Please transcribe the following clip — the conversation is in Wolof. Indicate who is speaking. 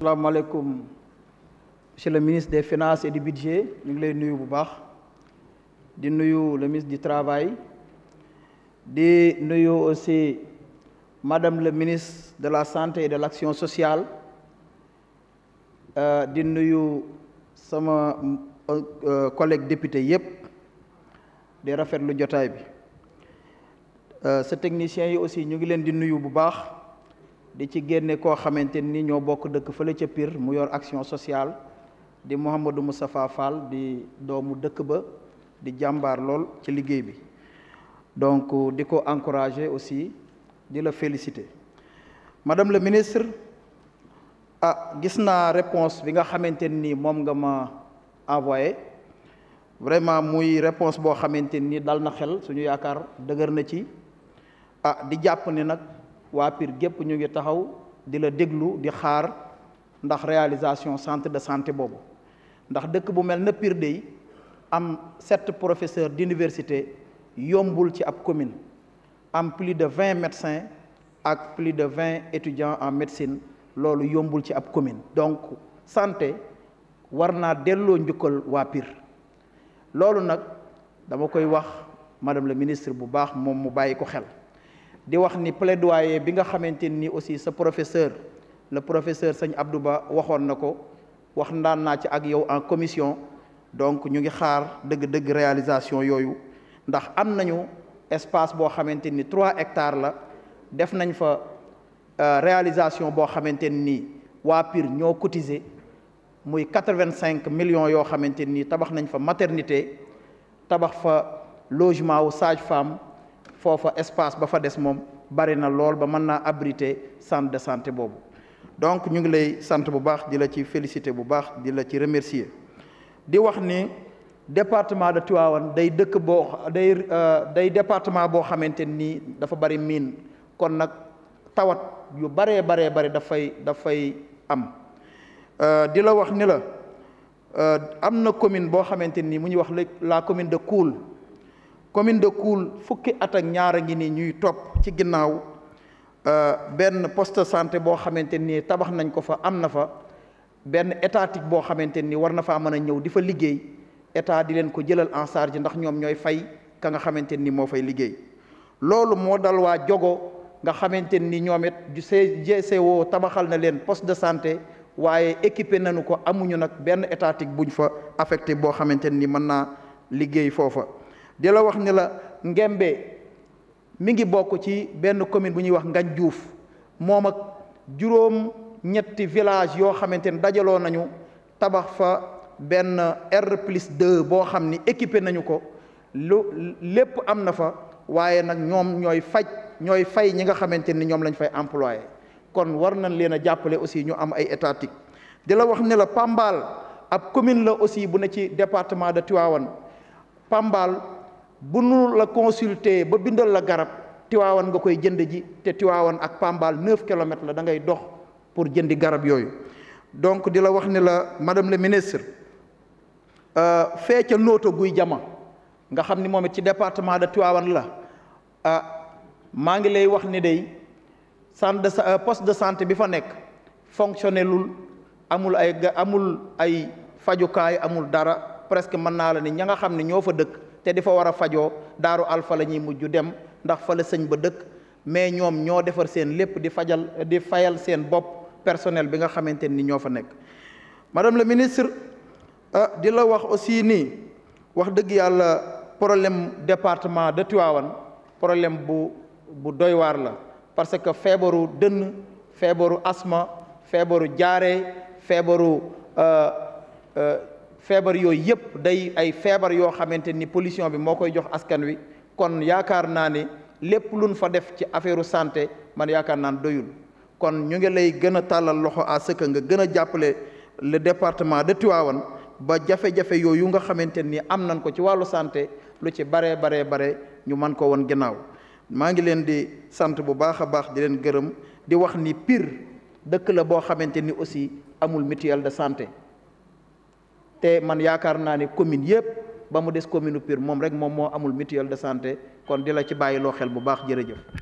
Speaker 1: salaamaaleykum monsieur le ministre des finances et du budget nous sommes lay nuyu bu baax le ministre du travail nous sommes aussi madame le ministre de la santé et de l'action sociale euh, di sommes sama euh, collègue député yépp di rafetlu jotaay bi Ce euh, technicien yi aussi nous, ngi leen di nuyu di ci génne ko xamante ni ñoo bokk dëkk fële ci Pire mu yor action sociale di Mouhamadou Moustapha Fall di doomu dëkk ba di jambar lool ci liggéey bi donc diko encourager aussi di la féliciter madame le ministre ah gis naa réponse bi nga xamante ni moom nga ma envoyé vraiment muy réponse bo xamante ni dal na xel suñu yaakaar dëgër na ci ah di japp ni nak waa Pire gépp ñu ngi taxaw di la déglu di xaar ndax réalisation centre de santé boobu ndax dëkk bu mel na Pire dey am sept professeurs d'université yombul ci ab commune am plus de vingt médecins ak plus de vingt étudiants en médecine loolu yombul ci ab commune donc santé war naa delloo njukkal waa Pire loolu nag dama koy wax madame le ministre bu baax moom mu bàyyi ko xel di wax ni plaidoyer bi nga xamanteni ni aussi ce professeur le professeur Seigne Abdouba Ba nako wax ndan na ci ak yow en commission donc ñu ngi xaar deug deug réalisation yoyu ndax am nañu espace bo xamanteni ni trois hectares la def nañ fa euh, réalisation bo xamanteni ni waa Pire ñoo cotiser muy 85 millions yo xamanteni ni tabax nañ fa maternité tabax fa logement aux sage-femme il espace ba fa des mom bari na ba centre de santé donc nous ngi lay sante bu baax la ci féliciter bu baax département de Tivaouane day day euh, day département bo xamanteni dafa bari tawat am am commune la commune de Koul commune de Koul fukki at ak ñaar a ngi nii ñuy topp ci ginnaaw euh, benn poste santé boo xamante ni tabax nañ ko fa am na fa benn étatique boo xamante ni war na faa mën a ñëw di fa liggéey état di leen ko jëlal en charge ndax ñoom ñooy fay ka nga xamante nii moo fay liggéey loolu moo dal waa jogo nga xamante ni ñoom it du woo tabaxal na leen poste de santé waaye équipé nañu ko amuñu nag benn étatique buñ fa affecté boo xamante ni mën naa liggéey foofa. di la wax ni la Ngembe mi ngi bokk ci benn commune bu ñuy wax Ngañ Juuf moom ak juróom ñetti village yoo xamante ni dajaloo nañu tabax fa benn R plus 2 boo xam ni équipé nañu ko lu lépp am na fa waaye nag ñoom ñooy faj ñooy fay ñi nga xamante ni ñoom lañ fay employé kon war nañ leen a jàppale aussi ñu am ay étatique di la wax ne la Pambal ab commune la aussi bu ne ci département de Tivaouane Pambal bu la consulter ba bindal la garab tiwaawan nga koy jënd ji te tiwaawan ak pambal 9 km la da ngay dox pour jëndi garab yooyu donc di la wax ni la madame le ministre euh, fee ca nooto guy jama nga ni moom it ci département de tiwaawan la ah maa ngi lay wax ni day centre de euh, poste de santé bi fa nekk lul amul ay amul ay fajukaay amul dara presque mën naa la ni ña nga fa dëkk te di fa war a alfa dem ndax fa la sëñ ba dëkk mais ñoom ñoo defar seen lépp di fajal di fayal seen bopp personnel bi nga xamante ni ñoo fa nekk madame la ministre ah di la wax aussi nii wax dëgg yàlla problème département de problème bu bu doy waar la parce que asma Febru Jare, Febru feebar yooyu yëpp day ay feebar yoo xamante ni pollution bi moo koy jox askan wi kon yaakaar naa ne lépp luñ fa def ci affaire santé man yaakaar naa ne doyul kon ñu ngi lay gën a tàllal loxo à ce nga gën a jàppale le département de Tivaouane ba jafe-jafe yooyu nga xamante ni am nañ ko ci wàllu santé lu ci baree baree bare ñu mën ko woon ginnaaw maa ngi leen di sant bu baax a baax di leen gërëm di wax ni piir dëkk la boo xamante ni aussi amul mutuelle de santé te man yaakaar naa ne commune yëpp ba mu des commune Pire moom rek moom moo amul mutuelle de santé kon di la ci bàyyiloo loo xel bu baax jërëjëf